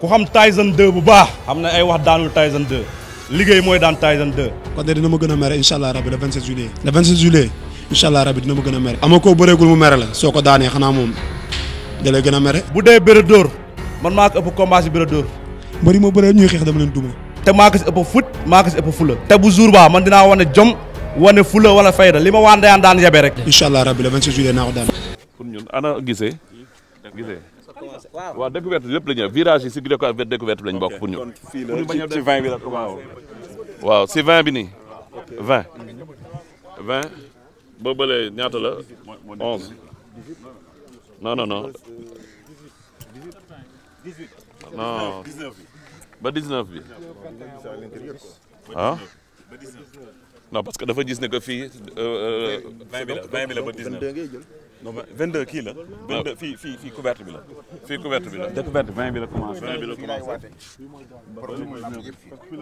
ku xam Tyson 2 bu baax xam na ay wax daanul Tyson 2 liggéey mooy daan Tyson 2 kon de dina ma gën a mere incha allah rabi le 27 juillet le 27 juillet incha allah rabi dina ma gën a mere ama koo bëreegul mu mere la soo ko daanee xanaa moom da gën a mere bu dee bëre dóor man maa ko ëpp combat si bëre dóor mbëri ma bëree ñuy xeex dama leen duma te maa ko si ëpp fut maa ko si ëpp fula te bu jour baa man dinaa wane jom wane wala fayda li ma waan dayaan daan yabe rek incha allah rabi le 27 juillet naa ko daan pour ñun ana gisee waaw découverte lépp la ñu virage yi si découverte bi lañ bokk pour ñu. ci 20 bi la waaw. waaw si 20 bi nii. 20. 20 boo bëlee ñaata la 11 non non non non ba 19 bi ah? non parce que dafa gis ne que fii. Euh, euh, vingt bi la bi la ba dix neuf non mais vingt deux kii la. vingt fii fii fii couverte bi la. fii couverte bi la découverte vingt bi la commencé. vingt bi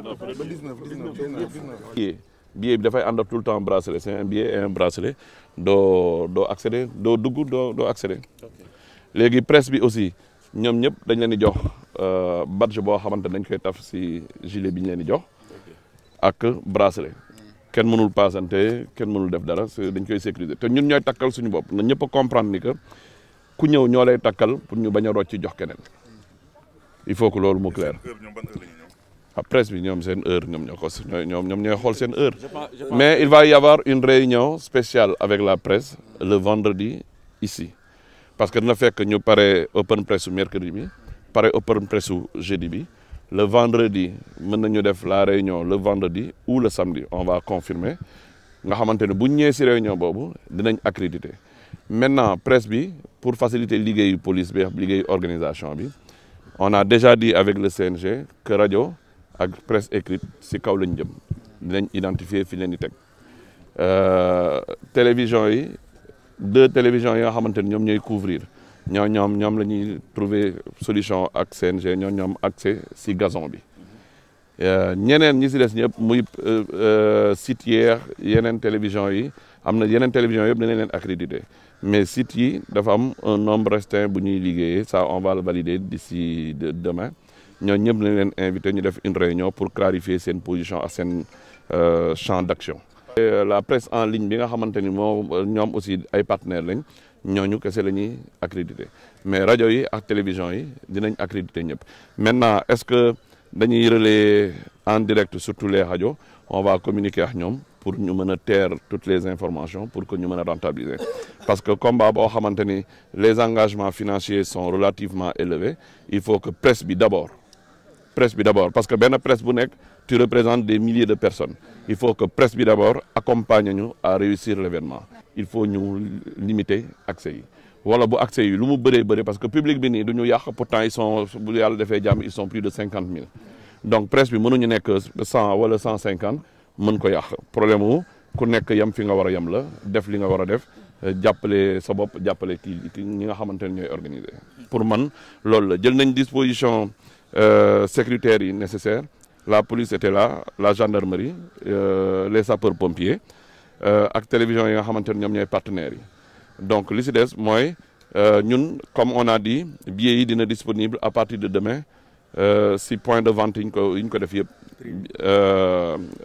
la commencé. billet billet dafay ànd tout le temps bracelet c'est un billet et un doo doo accéder doo dugg doo doo accéder. léegi presse bi aussi ñoom ñëpp dañ leen di jox euh, badge boo xamante dañ koy taf si gilet bi ñu leen di jox. ak bracelet. kenn mënul paasante kenn mënul def dara dañ koy sécuriser te ñun ñooy takkal suñu bopp na ñëpp a comprendre ni que ku ñëw ñoo lay takkal pour ñu bañ a ci jox keneen il faut que loolu mu clair. ah presse bi ñoom seen heure ñoom ñoo ñoom ñoom ñooy xool seen heure. mais il va y avoir une réunion spéciale avec la presse le vendredi ici parce que dina fekk ñu pare open press su mercredi bi pare open press su jeudi bi. le vendredi mën nañu def la réunion le vendredi ou le samedi on va confirmer nga xamante ne bu ñëwee si réunion boobu dinañ accrédité maintenant presse bi pour faciliter liggéey police bi liggéeyu organisation bi on a déjà dit avec le CNG que rajo ak presse écrite si kaw lañ jëm dinañ identifier fi leen di teg euh, télévision yi deux télévisions yi nga xamante ne ñoom ñooy couvrir ñoo ñoom ñoom la ñuy trouver solution ak CNG ñoo ñoom accès si gazon bi euh, ñeneen ñi si des ñëpp muy euh, euh, sites yeex yeneen télévision yi am na yeneen télévision yëpp dinañ leen accrédité mais sites yi dafa am un nombre restreint bu ñuy liggéeyee ça on va le di si demain ñoo ñëpp dinañ leen invité ñu def une réunion pour clarifier seen position ak seen champ d'action la presse en ligne bi nga xamante ni moom ñoom aussi ay partenaires lañ ñooñu kese la ñuy accrédité mais rajo yi ak télévision yi dinañ accrédité ñëpp maintenant est-ce que dañuy relayer en direct surtout les rajo on va communiquer ak ñoom pour ñu mën a teer toutes les informations pour que ñu mën a rentabiliser parce que combat boo xamante ni les engagements financiers son relativement élevés il faut que presse bi d'abord presse bi d'abord parce que benn presse bu nekk tu représentes des milliers de personnes il faut que presse bi d'abord accompagne ñu à réussir l'événement il faut ñu limiter accès yi wala bu accès yi lu mu bëree bëri parce que public bi nii du ñu yàq pourtant ils sont bu yàlla defee jàmm ils sont plus de cinquante mille donc presse bi mënuñu nekk cent wala cent cinquante mën ko yàq problème wu ku nekk yem fi nga war a yem la def li nga war a def jàppale sa bopp jàppale ki ñi nga xamante ne ñooy organiser. pour man loolu la jël nañ disposition euh, sécuritaire yi nécessaire la police était là la gendarmerie euh, les sapeurs pompiers. Euh, ak télévision yi nga xamante ne ñoom ñooy partenaires yi donc li si des mooy euh, ñun comme on a dit billets dina disponible à partir de demain euh, si point de vente yi ñu ko yi ñu ko def yëpp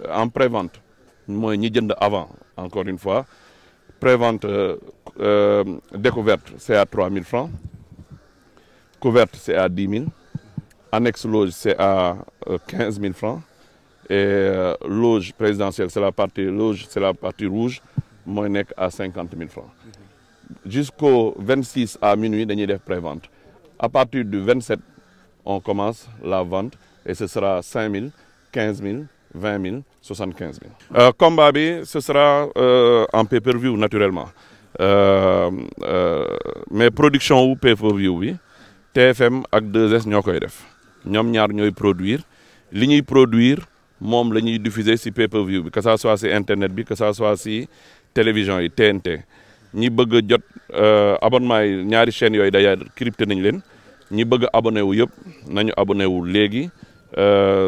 en prévente mooy ñi jënd avant encore une fois prévente découverte c'est à mille francs couvert c'est à 10 000 annexe loge c'est à quinze mille francs et euh, loge présidentielle la partie loge c'est la partie rouge mooy nekk à cinquante mille francs jusqu'au vingt six à minuit dañuy def prévente à partir du vingt sept on commence la vente et ce cinq mille quinze mille vingt mille soixante quinze mille. Euh, combat bi ce sera euh, en pay-per-view naturellement mais production wu pay bi TFM ak 2 ñoo koy def ñoom ñaar li ñuy produire. moom la ñuy diffuser si pay-per-view bi que ça soit si internet bi que ça soit si télévision yi TNT ñi bëgg a jot euh, abonnement yi ñaari chaînes yooyu d'ailleurs crypté nañ leen ñi bëgg a wu yëpp nañu abonné wu léegi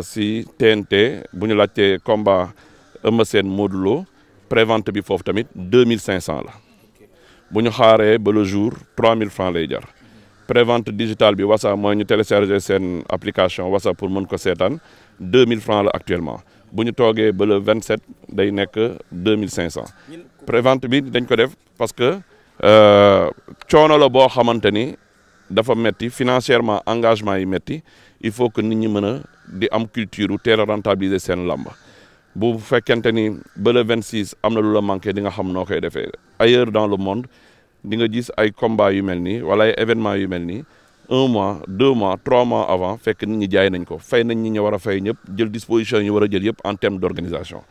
si euh, TNT bu ñu laajtee combat Eumeu Sène Modou Lo prévente bi foofu tamit deux mille cinq cent la bu ñu xaaree ba le jour trois mille francs lay jar prévente digitale bi wasa mooy ñu télécharger seen application wasa pour mën ko seetaan deux mille francs la actuellement bu ñu toogee ba le 27 day nekk mille cinq 2500 prévente bi dañ ko def parce que euh, coono la boo xamante ni dafa metti financièrement engagement yi metti il faut que nit ñi mën a di am culture u teel a rentabiliser seen làmb bu fekkente ni ba le 26 am na lu la manqué di nga xam noo koy defee ailleurs dans le monde di nga gis ay combats yu mel nii wala ay événements yu mel nii un mois deux mois trois mois avant fekk nit ñi jaay nañ ko fay nañ ñi ñu war a fay ñëpp jël disposition yi war a jël yëpp en terme d' organisation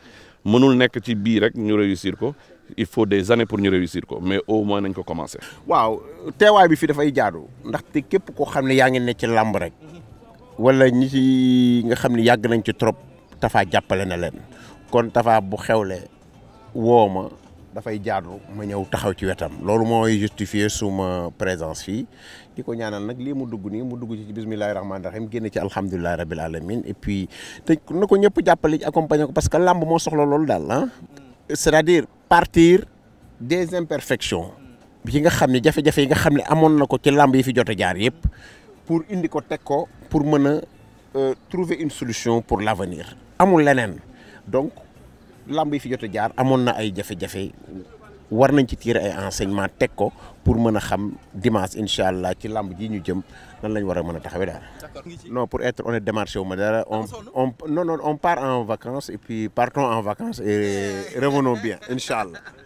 mënul nekk ci bii rek ñu réussir ko il faut des années pour ñu réussir ko mais au mois nañ ko commencé. waaw teewaay bi fii dafay jaadu te képp koo xam ne yaa ngi ne ci làmb rek wala ñi ci nga xam ni yàgg nañ ci trop Tafa jàppale na leen kon Tafa bu xew woo ma dafay jaadu ma ñëw taxaw ci wetam loolu mooy justifier suma présence fii di ko ñaanal nag lii mu dugg nii mu dugg ci bismillahi rahmaani rahim génn ci alhamdulilahi rabil alamin et puis te na ko ñëpp jàppale ci accompagner ko parce que làmb moo soxla loolu daal ah c'est-à-dire partir des imperfections yi nga xam ne jafe-jafe yi nga xam ne amoon na ko ci làmb yi fi jot jaar yëpp pour indi ko teg ko pour mën a euh, trouver une solution pour l'avenir amul leneen làmb yi fi jot a jaar amoon na ay jafe-jafe war nañ ci tiir ay enseignement teg ko pour mën a xam dimanche incha allah ci làmb ji ñu jëm nan lañ war mën a taxawee daal. no pour être démarché wu ma dara on on non non on part en vacances et puis partons en vacances et bien incha allah.